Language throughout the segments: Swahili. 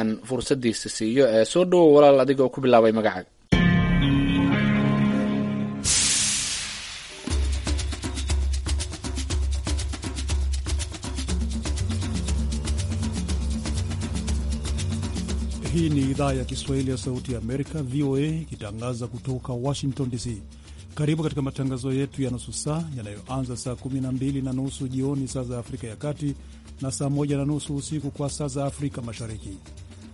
aan fursadiisa siiyo ee soo dhowo walaal oo ku bilaabay magacaaga Hii ni idhaa ya Kiswahili ya Sauti ya Amerika, VOA, ikitangaza kutoka Washington DC. Karibu katika matangazo yetu ya nusu saa yanayoanza saa 12 na nusu jioni saa za Afrika ya Kati na saa 1 na nusu usiku kwa saa za Afrika Mashariki.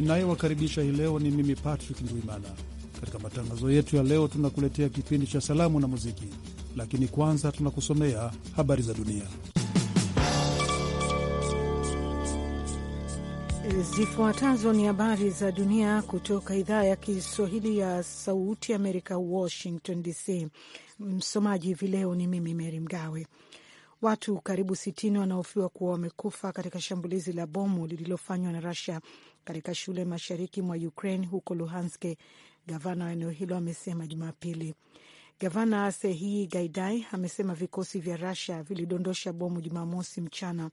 ninayewakaribisha hii leo ni mimi Patrick Ndwimana. Katika matangazo yetu ya leo, tunakuletea kipindi cha salamu na muziki, lakini kwanza tunakusomea habari za dunia. Zifuatazo ni habari za dunia kutoka idhaa ya Kiswahili ya Sauti Amerika, Washington DC. Msomaji hivi leo ni mimi mery Mgawe. Watu karibu sitini wanaofiwa kuwa wamekufa katika shambulizi la bomu lililofanywa na rasia katika shule mashariki mwa Ukraine huko Luhanske, gavana wa eneo hilo amesema Jumapili. Gavana sehii Gaidai amesema vikosi vya rasia vilidondosha bomu Jumamosi mchana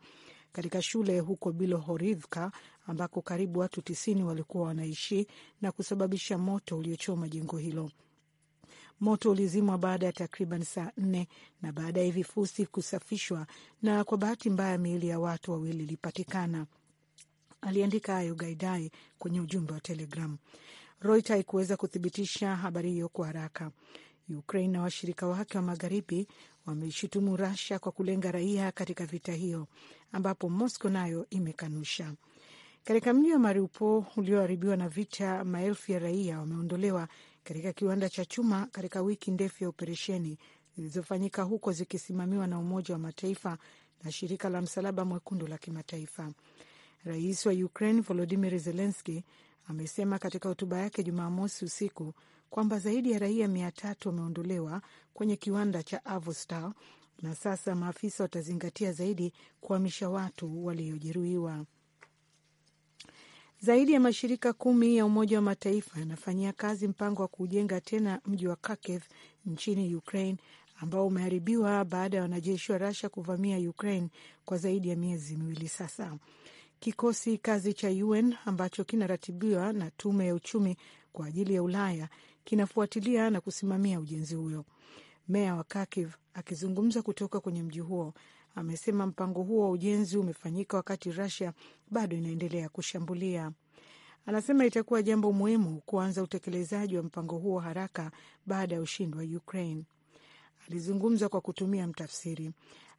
katika shule huko Bilohorivka ambako karibu watu tisini walikuwa wanaishi na kusababisha moto uliochoma jengo hilo. Moto ulizimwa baada ya takriban saa nne na baadaye vifusi kusafishwa, na kwa bahati mbaya miili ya watu wawili ilipatikana. Aliandika hayo Gaidai kwenye ujumbe wa Telegram. Reuters haikuweza kuthibitisha habari hiyo kwa haraka. Ukraine na washirika wake wa magharibi wameishutumu Russia kwa kulenga raia katika vita hiyo, ambapo Moscow nayo imekanusha. Katika mji wa Mariupol ulioharibiwa na vita, maelfu ya raia wameondolewa katika kiwanda cha chuma katika wiki ndefu ya operesheni zilizofanyika huko zikisimamiwa na Umoja wa Mataifa na shirika la Msalaba Mwekundu la Kimataifa. Rais wa Ukraine Volodimir Zelenski amesema katika hotuba yake Jumamosi usiku kwamba zaidi ya raia mia tatu wameondolewa kwenye kiwanda cha Avostal na sasa maafisa watazingatia zaidi kuhamisha watu waliojeruhiwa. Zaidi ya mashirika kumi ya Umoja wa Mataifa yanafanyia kazi mpango wa kuujenga tena mji wa Kharkiv nchini Ukraine ambao umeharibiwa baada ya wanajeshi wa Rasha kuvamia Ukraine kwa zaidi ya miezi miwili sasa. Kikosi kazi cha UN ambacho kinaratibiwa na Tume ya Uchumi kwa ajili ya Ulaya kinafuatilia na kusimamia ujenzi huyo. Meya wa Kharkiv akizungumza kutoka kwenye mji huo amesema mpango huo wa ujenzi umefanyika wakati rusia bado inaendelea kushambulia. Anasema itakuwa jambo muhimu kuanza utekelezaji wa mpango huo haraka baada ya ushindi wa Ukraine. Alizungumza kwa kutumia mtafsiri.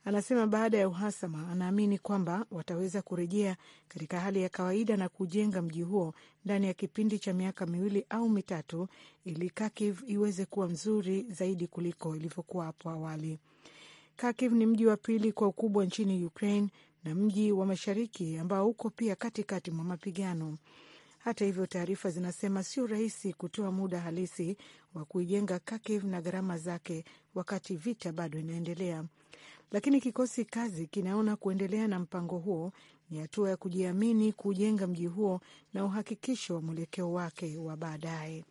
Anasema baada ya uhasama, anaamini kwamba wataweza kurejea katika hali ya kawaida na kujenga mji huo ndani ya kipindi cha miaka miwili au mitatu, ili Kakiv iweze kuwa mzuri zaidi kuliko ilivyokuwa hapo awali. Kharkiv ni mji wa pili kwa ukubwa nchini Ukraine na mji wa mashariki ambao uko pia katikati mwa mapigano. Hata hivyo, taarifa zinasema sio rahisi kutoa muda halisi wa kuijenga Kharkiv na gharama zake, wakati vita bado inaendelea. Lakini kikosi kazi kinaona kuendelea na mpango huo ni hatua ya kujiamini kujenga mji huo na uhakikisho wa mwelekeo wake wa baadaye.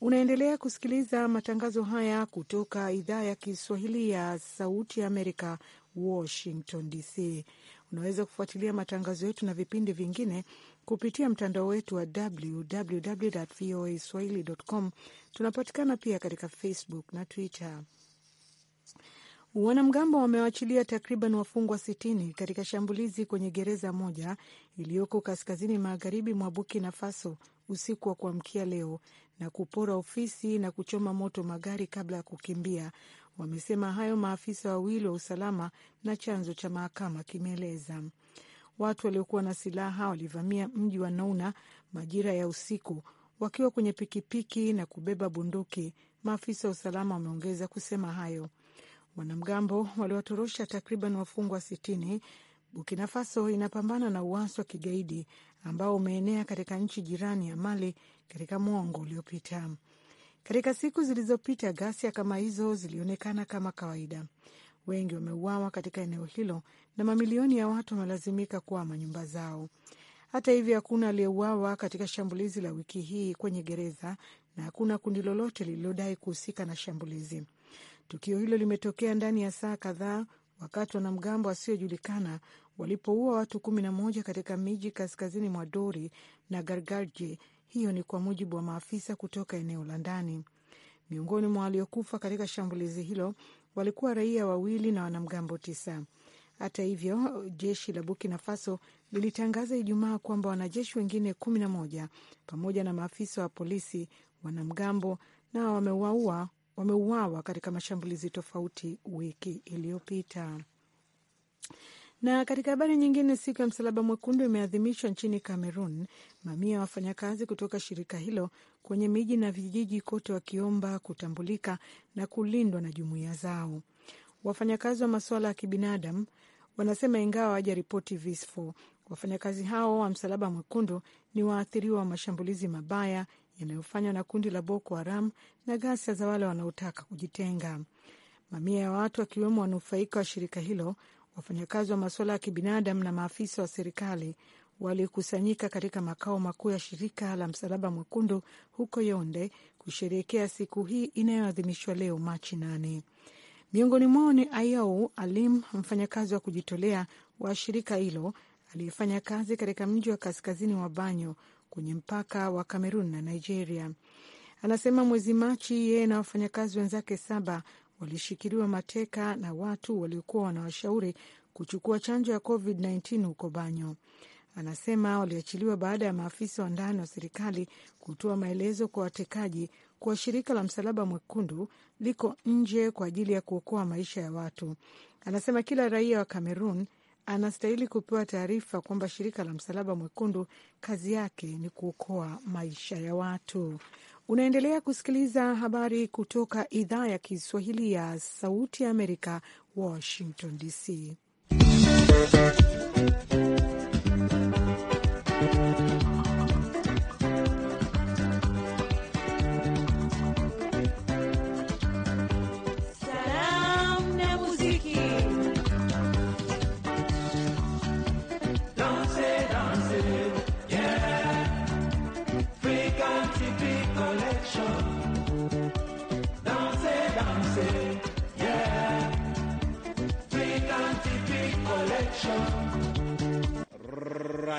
Unaendelea kusikiliza matangazo haya kutoka idhaa ya Kiswahili ya Sauti ya Amerika, Washington DC. Unaweza kufuatilia matangazo yetu na vipindi vingine kupitia mtandao wetu wa www voa swahili com. Tunapatikana pia katika Facebook na Twitter. Wanamgambo wamewachilia takriban wafungwa sitini katika shambulizi kwenye gereza moja iliyoko kaskazini magharibi mwa Burkina Faso usiku wa kuamkia leo na kupora ofisi na kuchoma moto magari kabla ya kukimbia. Wamesema hayo maafisa wawili wa usalama na chanzo cha mahakama kimeeleza. Watu waliokuwa na silaha walivamia mji wa Nouna majira ya usiku wakiwa kwenye pikipiki na kubeba bunduki. Maafisa wa usalama wameongeza kusema hayo. Wanamgambo waliwatorosha takriban wafungwa sitini. Burkina Faso inapambana na uasi wa kigaidi ambao umeenea katika nchi jirani ya Mali katika mwongo uliopita. Katika siku zilizopita, ghasia kama hizo zilionekana kama kawaida. Wengi wameuawa katika eneo hilo na mamilioni ya watu wamelazimika kuhama nyumba zao. Hata hivyo, hakuna aliyeuawa katika shambulizi la wiki hii kwenye gereza na hakuna kundi lolote lililodai kuhusika na shambulizi. Tukio hilo limetokea ndani ya saa kadhaa wakati wanamgambo wasiojulikana walipoua watu kumi na moja katika miji kaskazini mwa Dori na Gargaji. Hiyo ni kwa mujibu wa maafisa kutoka eneo la ndani. Miongoni mwa waliokufa katika shambulizi hilo walikuwa raia wawili na wanamgambo tisa. Hata hivyo, jeshi la Burkina Faso lilitangaza Ijumaa kwamba wanajeshi wengine kumi na moja pamoja na maafisa wa polisi, wanamgambo, na wamewaua wameuawa katika mashambulizi tofauti wiki iliyopita. Na katika habari nyingine, siku ya Msalaba Mwekundu imeadhimishwa nchini Kamerun, mamia ya wafanyakazi kutoka shirika hilo kwenye miji na vijiji kote wakiomba kutambulika na kulindwa na jumuiya zao. Wafanyakazi wa masuala ya kibinadamu wanasema ingawa ripoti vifo, wafanyakazi hao wa Msalaba Mwekundu ni waathiriwa wa mashambulizi mabaya yanayofanywa na kundi la Boko Haram na ghasia za wale wanaotaka kujitenga. Mamia ya watu wakiwemo wanufaika wa shirika hilo, wafanyakazi wa masuala ya kibinadamu na maafisa wa serikali walikusanyika katika makao makuu ya shirika la Msalaba Mwekundu huko Yonde kusherehekea siku hii inayoadhimishwa leo Machi nane. Miongoni mwao ni Ayau Alim, mfanyakazi wa kujitolea wa shirika hilo aliyefanya kazi katika mji wa kaskazini wa Banyo kwenye mpaka wa Kamerun na Nigeria. Anasema mwezi Machi yeye na wafanyakazi wenzake saba walishikiliwa mateka na watu waliokuwa wanawashauri kuchukua chanjo ya COVID-19 huko Banyo. Anasema waliachiliwa baada ya maafisa wa ndani wa serikali kutoa maelezo kwa watekaji kuwa shirika la Msalaba Mwekundu liko nje kwa ajili ya kuokoa maisha ya watu. Anasema kila raia wa Kamerun anastahili kupewa taarifa kwamba shirika la Msalaba Mwekundu kazi yake ni kuokoa maisha ya watu. Unaendelea kusikiliza habari kutoka idhaa ya Kiswahili ya Sauti ya Amerika, Washington DC.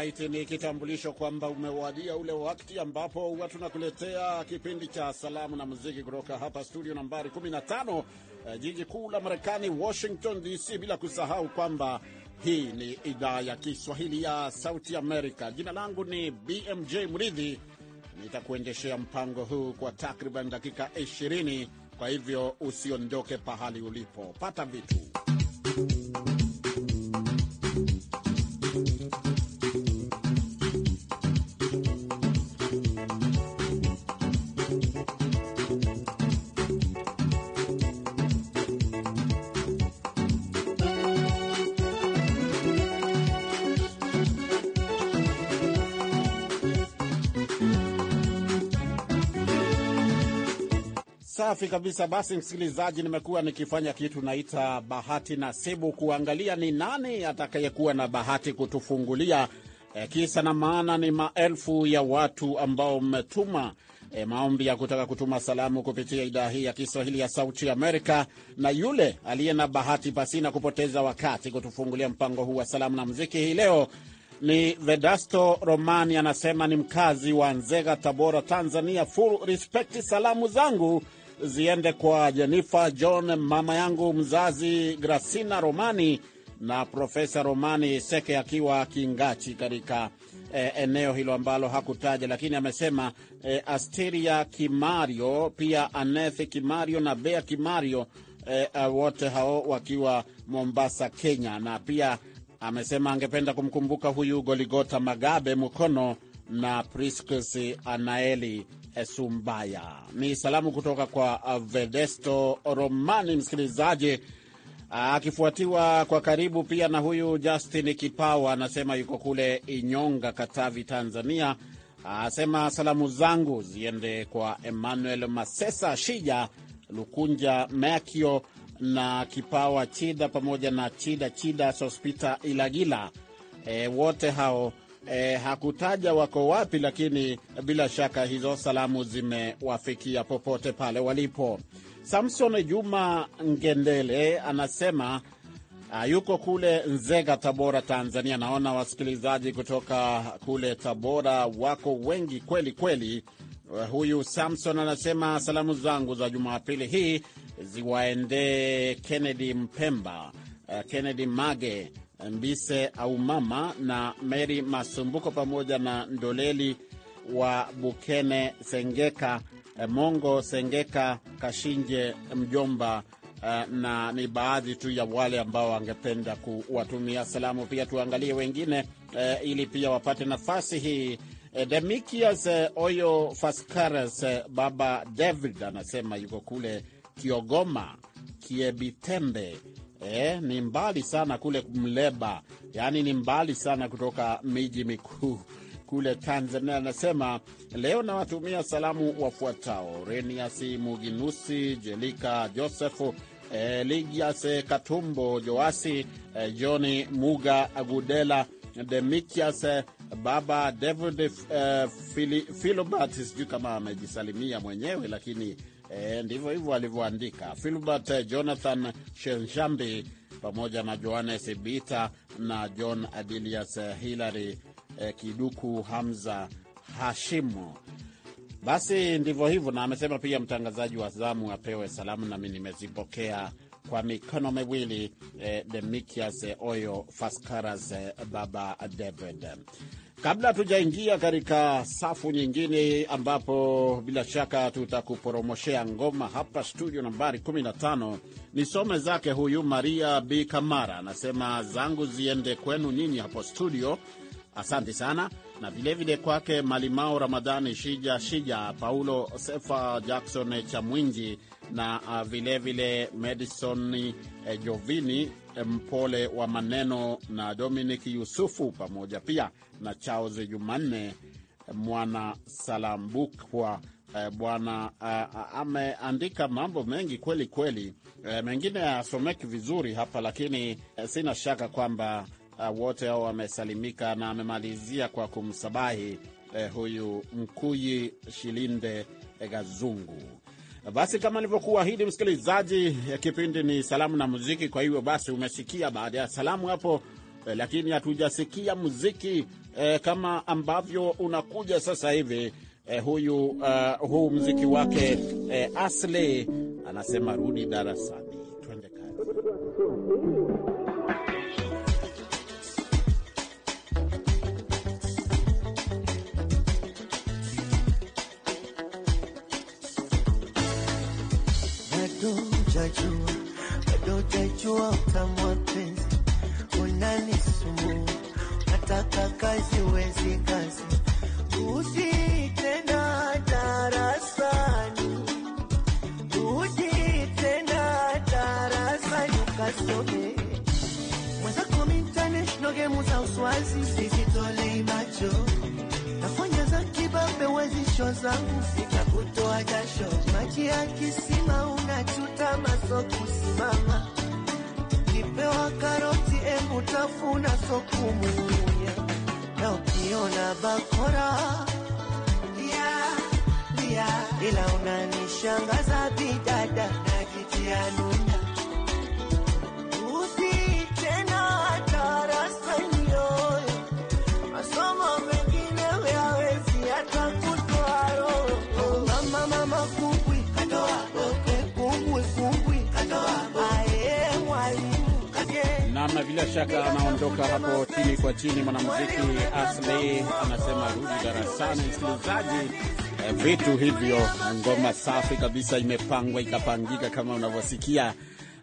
Mkamiti, ni kitambulisho kwamba umewadia ule wakati ambapo huwa tunakuletea kipindi cha salamu na muziki kutoka hapa studio nambari 15 eh, jiji kuu la Marekani, Washington DC, bila kusahau kwamba hii ni idhaa ya Kiswahili ya Sauti Amerika. Jina langu ni BMJ Mridhi, nitakuendeshea mpango huu kwa takriban dakika 20. Kwa hivyo usiondoke pahali ulipo, pata vitu Safi kabisa. Basi msikilizaji, nimekuwa nikifanya kitu naita bahati nasibu, kuangalia ni nani atakayekuwa na bahati kutufungulia. E, kisa na maana ni maelfu ya watu ambao mmetuma e, maombi ya kutaka kutuma salamu kupitia idhaa hii ya Kiswahili ya Sauti Amerika, na yule aliye na bahati pasina kupoteza wakati kutufungulia mpango huu wa salamu na mziki hii leo ni Vedasto Romani, anasema ni mkazi wa Nzega, Tabora, Tanzania. Full respect, salamu zangu ziende kwa Jennifer John, mama yangu mzazi, Grasina Romani na Profesa Romani Seke akiwa Kingachi katika e, eneo hilo ambalo hakutaja, lakini amesema e, Asteria Kimario pia anethi Kimario na Bea Kimario a, eh, wote hao wakiwa Mombasa, Kenya, na pia amesema angependa kumkumbuka huyu Goligota Magabe Mukono na Priscus Anaeli Sumbaya. Ni salamu kutoka kwa Vedesto Romani, msikilizaji akifuatiwa kwa karibu pia na huyu Justin Kipawa, anasema yuko kule Inyonga, Katavi, Tanzania. Asema salamu zangu ziende kwa Emmanuel Masesa, Shija Lukunja, Makio na Kipawa Chida, pamoja na Chida Chida Sospita Ilagila. E, wote hao eh, hakutaja wako wapi, lakini bila shaka hizo salamu zimewafikia popote pale walipo. Samson Juma Ngendele anasema Uh, yuko kule Nzega, Tabora, Tanzania. Naona wasikilizaji kutoka kule Tabora wako wengi kweli kweli. Uh, huyu Samson anasema salamu zangu za Jumapili hii ziwaendee Kennedy Mpemba, uh, Kennedy Mage, Mbise au Mama na Mary Masumbuko pamoja na Ndoleli wa Bukene Sengeka eh, Mongo Sengeka Kashinje mjomba eh, na ni baadhi tu ya wale ambao wangependa kuwatumia salamu. Pia tuangalie wengine eh, ili pia wapate nafasi hii. E, Demikias Oyo Faskaras baba David anasema yuko kule Kiogoma Kiebitembe eh, ni mbali sana kule Mleba, yaani ni mbali sana kutoka miji mikuu kule Tanzania. Anasema leo nawatumia salamu wafuatao: Renias Muginusi, Jelika Josefu, eh, Ligias Katumbo, Joasi, eh, Johni Muga, Agudela Demikias, eh, Baba David, eh, Filobert, sijui kama amejisalimia mwenyewe lakini E, ndivyo hivyo alivyoandika Filbert Jonathan Shenshambi pamoja na Johannes Bita na John Adilius Hilary e, Kiduku Hamza Hashimu. Basi ndivyo hivyo, na amesema pia mtangazaji wa zamu apewe salamu, nami nimezipokea kwa mikono miwili. E, Demikias Oyo Faskaras e, Baba David Kabla tujaingia katika safu nyingine, ambapo bila shaka tutakuporomoshea ngoma hapa studio nambari 15, nisome zake huyu Maria B Kamara, anasema zangu ziende kwenu nyinyi hapo studio. Asante sana na vilevile kwake Malimao Ramadhani Shija Shija, Paulo Sefa Jackson Chamwinji na vilevile uh, Madison eh, Jovini Mpole wa maneno na Dominic Yusufu pamoja pia na Charles Jumanne mwana Salambukwa. eh, bwana eh, ameandika mambo mengi kweli kweli. eh, mengine hayasomeki vizuri hapa, lakini eh, sina shaka kwamba eh, wote hao wamesalimika, na amemalizia kwa kumsabahi eh, huyu Mkuyi Shilinde Gazungu. Basi kama nilivyokuahidi, msikilizaji, kipindi ni salamu na muziki. Kwa hivyo basi, umesikia baada ya salamu hapo eh, lakini hatujasikia muziki eh, kama ambavyo unakuja sasa hivi eh, huyu uh, huu muziki wake eh, Asli anasema rudi darasani. utajua, bado utajua utamu wa penzi. Unanisumbua, nataka kazi, wezi kazi, usi tena darasani, usi tena darasani ukasome mwenzako international game za uswazi, sizitolei macho, nafanya za kibabe, wezi show zangu unatoa jasho, maji ya kisima, unachuta maso kusimama, kipewa karoti, embu tafuna sokumunya, na ukiona bakora lia, lia, ila unanishangaza bida bila shaka anaondoka hapo chini kwa chini. Mwanamuziki Asley anasema rudi darasani. Msikilizaji, eh, vitu hivyo, ngoma safi kabisa, imepangwa ikapangika kama unavyosikia.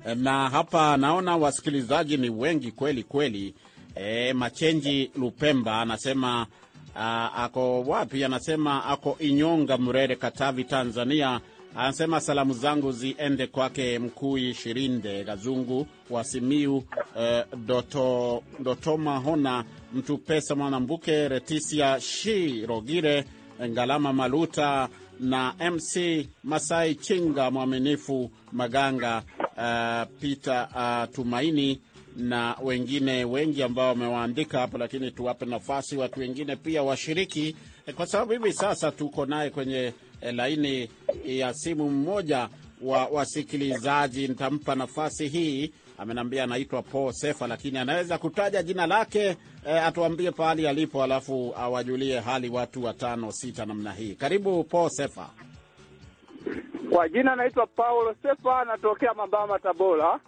Eh, na hapa naona wasikilizaji ni wengi kweli kweli. E, Machenji Lupemba anasema a, ah, ako wapi? Anasema ako Inyonga, Mrere, Katavi, Tanzania. Anasema salamu zangu ziende kwake Mkui Shirinde Gazungu wa Simiu, eh, Doto, Dotoma Hona pesa Mwanambuke, Retisia shi rogire Ngalama Maluta na MC Masai Chinga Mwaminifu Maganga, uh, Peter uh, Tumaini na wengine wengi ambao wamewaandika hapo, lakini tuwape nafasi watu wengine pia washiriki, eh, kwa sababu hivi sasa tuko naye kwenye Eh, laini ya simu mmoja wa wasikilizaji. Nitampa nafasi hii, amenaambia anaitwa Paul Sefa, lakini anaweza kutaja jina lake e, atuambie pahali alipo, alafu awajulie hali watu watano sita namna hii. Karibu Paul Sefa. Kwa jina anaitwa Paulo Sefa, anatokea Mambama, Tabora.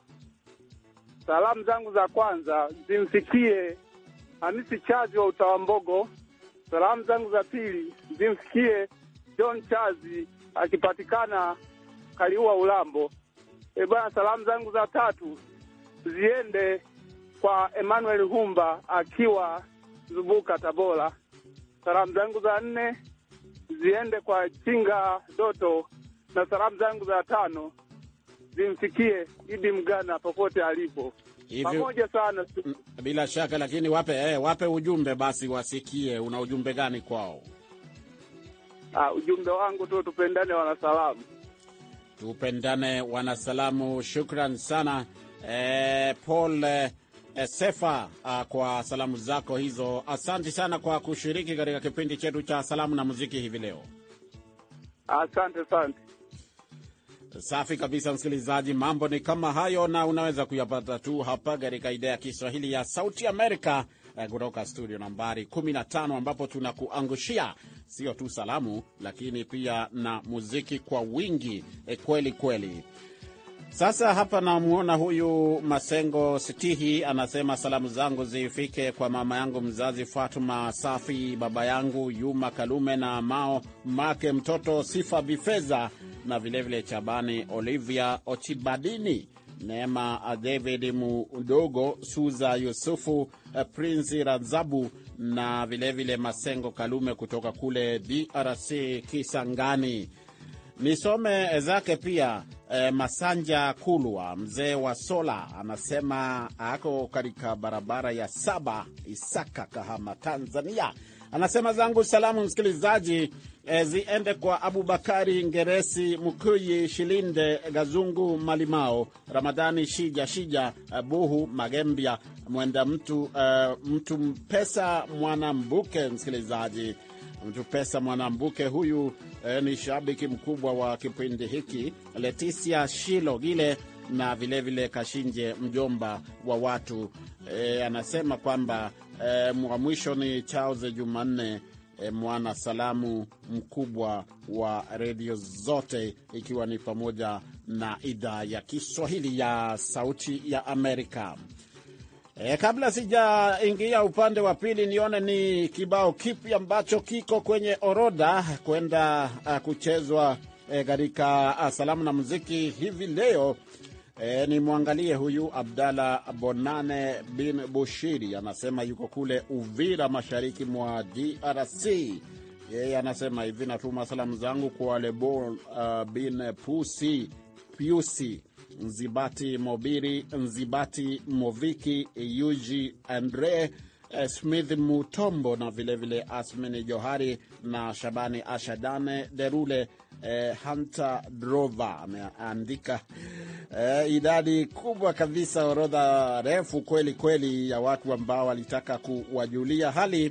Salamu zangu za kwanza zimfikie Hamisi Chazi wa Utawambogo. Salamu zangu za pili zimfikie John Chazi akipatikana Kaliua Ulambo. E bwana, salamu zangu za tatu ziende kwa Emmanuel Humba akiwa Zubuka, Tabora. Salamu zangu za nne ziende kwa Chinga Doto, na salamu zangu za tano zimfikie Idi Mgana popote alipo. Pamoja sana bila shaka, lakini wape eh, wape ujumbe basi wasikie, una ujumbe gani kwao? Uh, ujumbe wangu tu tupendane wanasalamu, tupendane wanasalamu. Shukran sana eh, Paul eh, Sefa uh, kwa salamu zako hizo. Asante sana kwa kushiriki katika kipindi chetu cha salamu na muziki hivi leo. Asante sana. Safi kabisa, msikilizaji, mambo ni kama hayo, na unaweza kuyapata tu hapa katika idhaa ya Kiswahili ya Sauti Amerika Eh, kutoka studio nambari 15 ambapo tunakuangushia sio tu salamu lakini pia na muziki kwa wingi e, kweli kweli. Sasa hapa namwona huyu Masengo Sitihi anasema salamu zangu zifike kwa mama yangu mzazi Fatuma Safi, baba yangu Yuma Kalume na Mao make mtoto Sifa Bifeza na vilevile vile Chabani Olivia Ochibadini Neema uh, David Mudogo, Suza Yusufu, uh, Prince Ranzabu na vilevile vile Masengo Kalume kutoka kule DRC Kisangani. Nisome zake pia e, Masanja Kulwa, mzee wa Sola, anasema ako katika barabara ya saba Isaka, Kahama, Tanzania. Anasema zangu salamu msikilizaji Eh, ziende kwa Abubakari Ngeresi, Mukuyi Shilinde, Gazungu Malimao, Ramadhani Shija Shija, eh, Buhu Magembya, Mwenda mtu, uh, mtu Mpesa Mwanambuke. Msikilizaji, Mtu Pesa Mwanambuke huyu uh, ni shabiki mkubwa wa kipindi hiki. Leticia gile na vilevile vile Kashinje, mjomba wa watu eh, anasema kwamba eh, wa mwisho ni Charles Jumanne e, mwana salamu mkubwa wa redio zote ikiwa ni pamoja na idhaa ya Kiswahili ya Sauti ya Amerika. E, kabla sijaingia upande wa pili, nione ni kibao kipi ambacho kiko kwenye orodha kwenda kuchezwa e, katika e, salamu na muziki hivi leo E, nimwangalie huyu Abdalla Bonane bin Bushiri, anasema yuko kule Uvira, mashariki mwa DRC. Yeye anasema hivi, natuma salamu zangu kwa lebo uh, bin Pusi Pusi Nzibati Mobiri Nzibati Moviki Yuji Andre eh, Smith Mutombo na vilevile vile Asmini Johari na Shabani Ashadane Derule eh, Hunter Drover ameandika eh, idadi kubwa kabisa, orodha refu kweli kweli ya watu ambao walitaka kuwajulia hali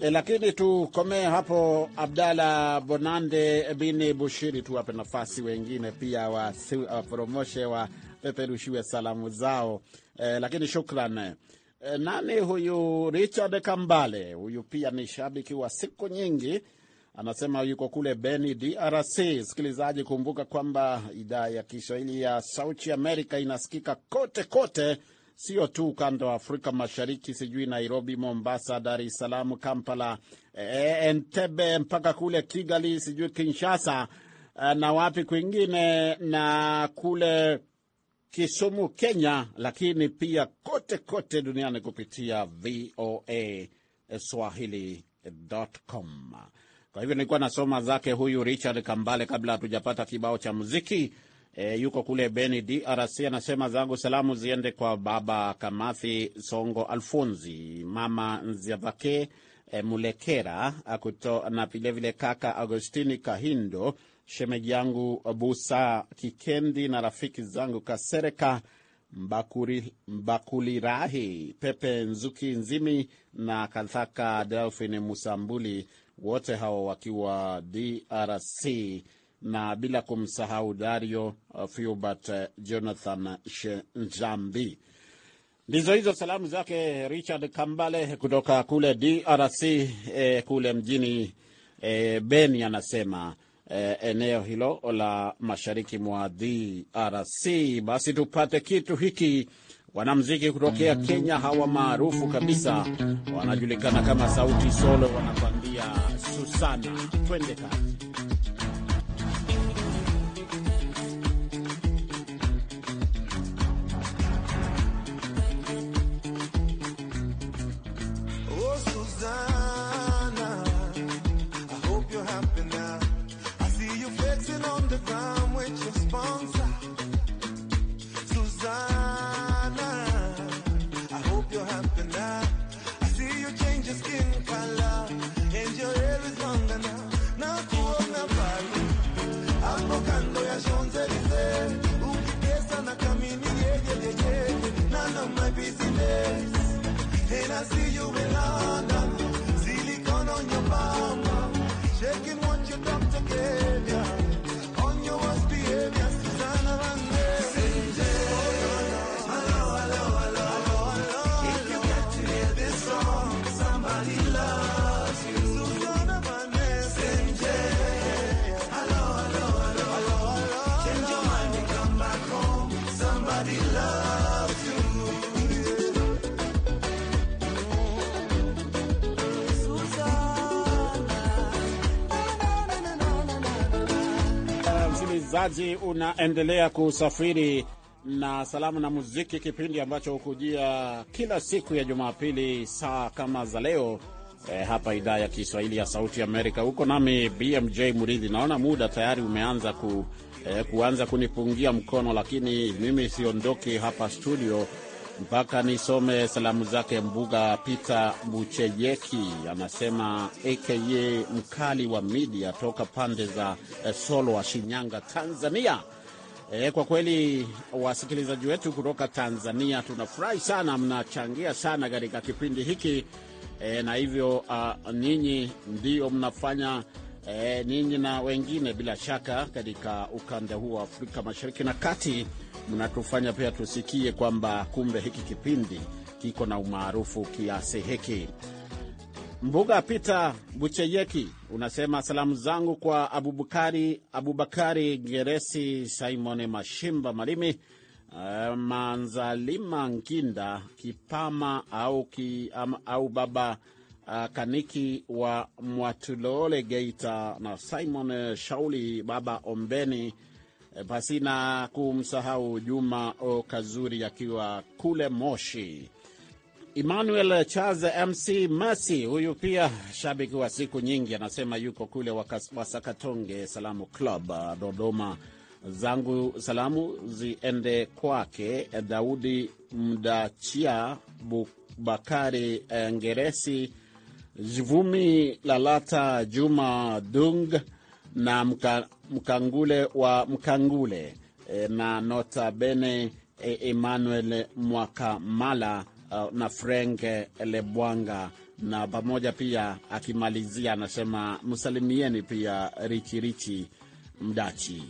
eh, lakini tukomee hapo. Abdalla Bonande bini Bushiri, tuwape nafasi wengine pia wapromoshe wa wapeperushiwe salamu zao eh, lakini shukran eh, nani huyu Richard Kambale, huyu pia ni shabiki wa siku nyingi anasema yuko kule Beni, DRC. Msikilizaji, kumbuka kwamba idhaa ya Kiswahili ya Sauti Amerika inasikika kote kote, sio tu ukanda wa Afrika Mashariki, sijui Nairobi, Mombasa, Dar es Salaam, Kampala, eh, Entebbe, mpaka kule Kigali, sijui Kinshasa eh, na wapi kwingine, na kule Kisumu, Kenya, lakini pia kote kote duniani kupitia VOA swahili.com. Kwa hivyo nilikuwa nasoma zake huyu Richard Kambale kabla hatujapata kibao cha muziki. E, yuko kule Beni DRC, anasema zangu salamu ziende kwa baba Kamathi Songo Alfonzi, mama Nziavake e, Mulekera akuto, na vilevile kaka Agostini Kahindo, shemeji yangu Busa Kikendi na rafiki zangu Kasereka Mbakuri, Mbakuli Rahi Pepe Nzuki Nzimi na Kathaka Delphin Musambuli wote hao wakiwa DRC na bila kumsahau Dario Filbert uh, uh, Jonathan shenjambi Ndizo hizo salamu zake Richard Kambale kutoka kule DRC eh, kule mjini eh, Beni anasema eh, eneo hilo la mashariki mwa DRC. Basi tupate kitu hiki Wanamziki kutokea Kenya hawa maarufu kabisa wanajulikana kama Sauti Solo, wanakwambia Susana. Twende kazi. msikilizaji, unaendelea kusafiri na salamu na muziki, kipindi ambacho hukujia kila siku ya Jumapili saa kama za leo e, hapa idhaa ya Kiswahili ya Sauti Amerika. Huko nami BMJ Muridhi, naona muda tayari umeanza ku, e, kuanza kunipungia mkono, lakini mimi siondoki hapa studio mpaka nisome salamu zake. Mbuga Peter Buchejeki anasema aka mkali wa midia toka pande za eh, Solo wa Shinyanga, Tanzania. E, kwa kweli wasikilizaji wetu kutoka Tanzania tunafurahi sana, mnachangia sana katika kipindi hiki e, na hivyo uh, ninyi ndio mnafanya e, ninyi na wengine bila shaka katika ukanda huu wa Afrika Mashariki na Kati mnatufanya pia tusikie kwamba kumbe hiki kipindi kiko na umaarufu kiasi hiki. Mbuga pita Bucheyeki unasema salamu zangu kwa Abubakari, Abubakari Geresi, simoni Mashimba Malimi, uh, Manzalima Nkinda Kipama au, ki, um, au baba uh, Kaniki wa Mwatulole Geita na Simon Shauli baba Ombeni Eh, na kumsahau Juma O Kazuri akiwa kule Moshi. Emmanuel Charles MC Mercy, huyu pia shabiki wa siku nyingi, anasema yuko kule Wasakatonge Salamu Club Dodoma. Zangu salamu ziende kwake eh, Daudi Mdachia, Bakari eh, Ngeresi, Jivumi Lalata, Juma Dung na mka, Mkangule wa Mkangule e, na nota bene e, Emmanuel Mwakamala e, na Frank Lebwanga na pamoja pia, akimalizia anasema msalimieni pia Richirichi Mdachi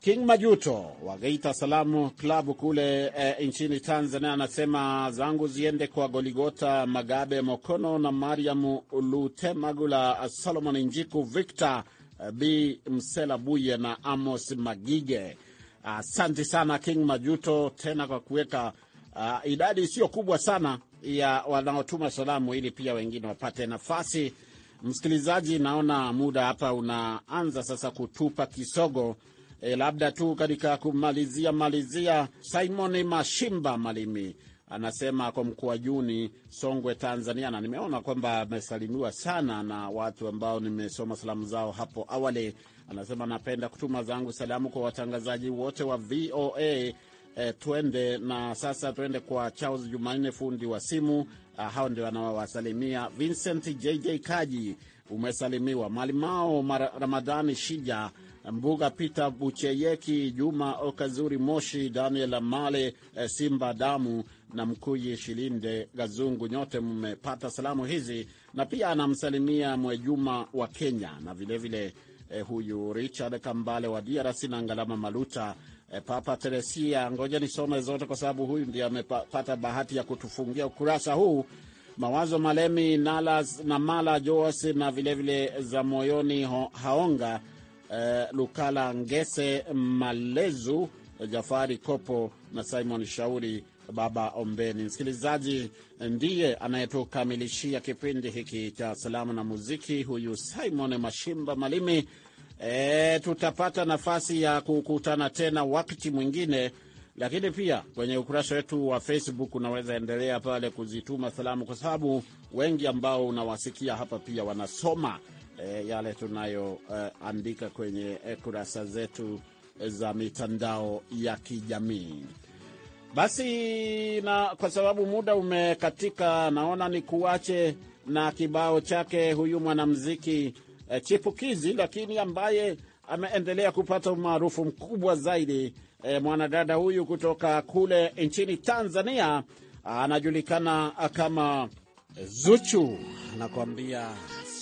King Majuto wa Geita Salamu Klabu kule e, nchini Tanzania anasema zangu ziende kwa Goligota Magabe Mokono na Mariamu Lutemagula, Solomon Njiku, Victor Eh, Bi Msela Buye na Amos Magige. Asante uh, sana King Majuto tena kwa kuweka uh, idadi isiyo kubwa sana ya wanaotuma salamu ili pia wengine wapate nafasi. Msikilizaji, naona muda hapa unaanza sasa kutupa kisogo. E, labda tu katika kumalizia malizia, Simon Mashimba Malimi anasema kwa mkoa Juni, Songwe, Tanzania. Na nimeona kwamba amesalimiwa sana na watu ambao nimesoma salamu zao hapo awali. Anasema napenda kutuma zangu salamu kwa watangazaji wote wa VOA. E, eh, twende na sasa, twende kwa Charles Jumanne, fundi wa simu. Ah, hao ndio anawasalimia. Vincent JJ Kaji umesalimiwa, Malimao Ramadhani Shija Mbuga, Peter Bucheyeki, Juma Okazuri, Moshi, Daniel male eh, Simba Damu na Mkuyi Shilinde Gazungu, nyote mmepata salamu hizi, na pia anamsalimia Mwejuma wa Kenya na vilevile vile, eh, huyu Richard Kambale wa DRC na Ngalama Maluta eh, Papa Teresia. Ngoja nisome zote kwa sababu huyu ndiye amepata bahati ya kutufungia ukurasa huu. Mawazo Malemi Nalas na Mala Joas na vilevile vile za moyoni Haonga eh, Lukala Ngese Malezu Jafari Kopo na Simon Shauri Baba Ombeni. Msikilizaji ndiye anayetukamilishia kipindi hiki cha salamu na muziki, huyu Simon Mashimba Malimi. E, tutapata nafasi ya kukutana tena wakati mwingine, lakini pia kwenye ukurasa wetu wa Facebook unaweza endelea pale kuzituma salamu, kwa sababu wengi ambao unawasikia hapa pia wanasoma e, yale tunayoandika e, kwenye e, kurasa zetu za mitandao ya kijamii. Basi na kwa sababu muda umekatika, naona ni kuache na kibao chake huyu mwanamuziki eh, chipukizi lakini ambaye ameendelea kupata umaarufu mkubwa zaidi eh, mwanadada huyu kutoka kule nchini Tanzania anajulikana kama Zuchu, anakuambia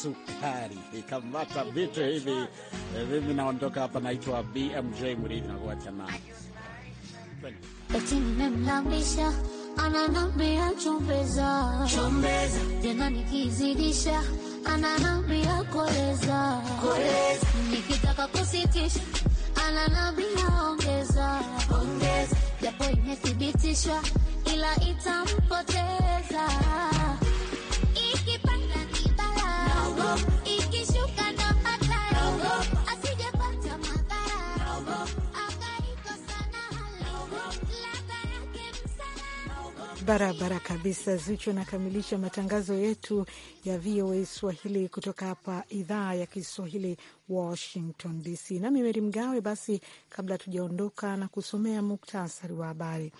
sukari ikamata vitu hivi. Eh, mimi naondoka hapa, naitwa BMJ Mridhi, nakuacha na eti nimemlambisha ananambia chombeza chombeza, tena nikizidisha ananambia koleza koleza, nikitaka kusitisha ananambia ongeza ongeza, japo imethibitishwa ila itampoteza ikipanda ni bala, ikishuka Barabara kabisa. Zuchu anakamilisha matangazo yetu ya VOA Swahili kutoka hapa idhaa ya Kiswahili, Washington DC. Nami Meri Mgawe. Basi, kabla tujaondoka na kusomea muktasari wa habari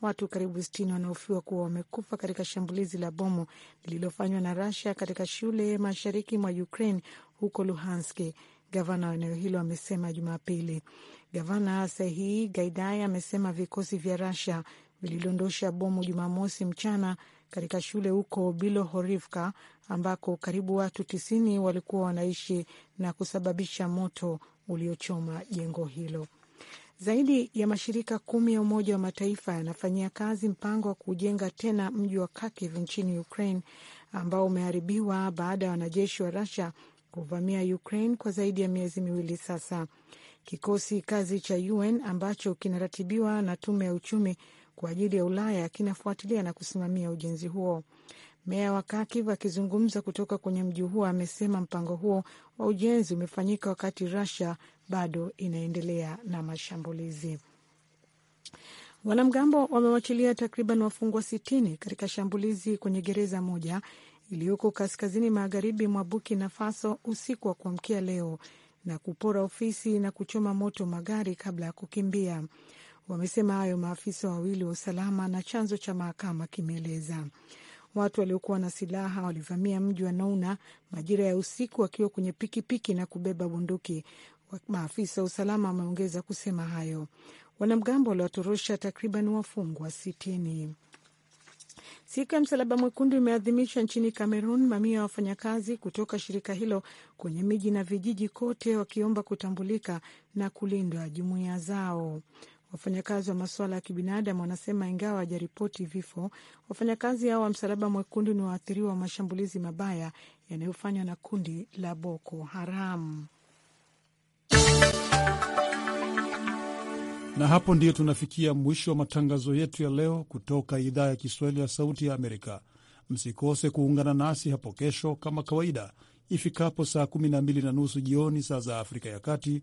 Watu karibu sitini wanaofiwa kuwa wamekufa katika shambulizi la bomu lililofanywa na Russia katika shule mashariki mwa Ukraine huko Luhanski, gavana wa eneo hilo amesema Jumapili. Gavana Serhii Gaidai amesema vikosi vya Russia vilidondosha bomu Jumamosi mchana katika shule huko Bilohorivka ambako karibu watu tisini walikuwa wanaishi na kusababisha moto uliochoma jengo hilo. Zaidi ya mashirika kumi ya Umoja wa Mataifa yanafanyia kazi mpango wa kujenga tena mji wa Kharkiv nchini Ukraine ambao umeharibiwa baada ya wanajeshi wa Russia kuvamia Ukraine kwa zaidi ya miezi miwili sasa. Kikosi kazi cha UN ambacho kinaratibiwa na Tume ya Uchumi kwa ajili ya Ulaya kinafuatilia na kusimamia ujenzi huo. Meya wa Kakiv akizungumza kutoka kwenye mji huo amesema mpango huo wa ujenzi umefanyika wakati rusia bado inaendelea na mashambulizi. Wanamgambo wamewachilia takriban wafungwa sitini katika shambulizi kwenye gereza moja iliyoko kaskazini magharibi mwa Burkina Faso usiku wa kuamkia leo na kupora ofisi na kuchoma moto magari kabla ya kukimbia. Wamesema hayo maafisa wawili wa usalama na chanzo cha mahakama kimeeleza. Watu waliokuwa na silaha walivamia mji wa Nouna majira ya usiku wakiwa kwenye pikipiki na kubeba bunduki. Maafisa wa usalama wameongeza kusema hayo. Wanamgambo waliwatorosha takriban wafungwa sitini. Siku ya Msalaba Mwekundu imeadhimishwa nchini Kamerun, mamia ya wafanyakazi kutoka shirika hilo kwenye miji na vijiji kote wakiomba kutambulika na kulindwa jumuiya zao. Wafanyakazi wa masuala ya kibinadamu wanasema ingawa hajaripoti vifo, wafanyakazi hao wa Msalaba Mwekundu ni waathiriwa wa mashambulizi mabaya yanayofanywa na kundi la Boko Haram. Na hapo ndiyo tunafikia mwisho wa matangazo yetu ya leo kutoka idhaa ya Kiswahili ya Sauti ya Amerika. Msikose kuungana nasi hapo kesho kama kawaida ifikapo saa 12 na nusu jioni saa za Afrika ya Kati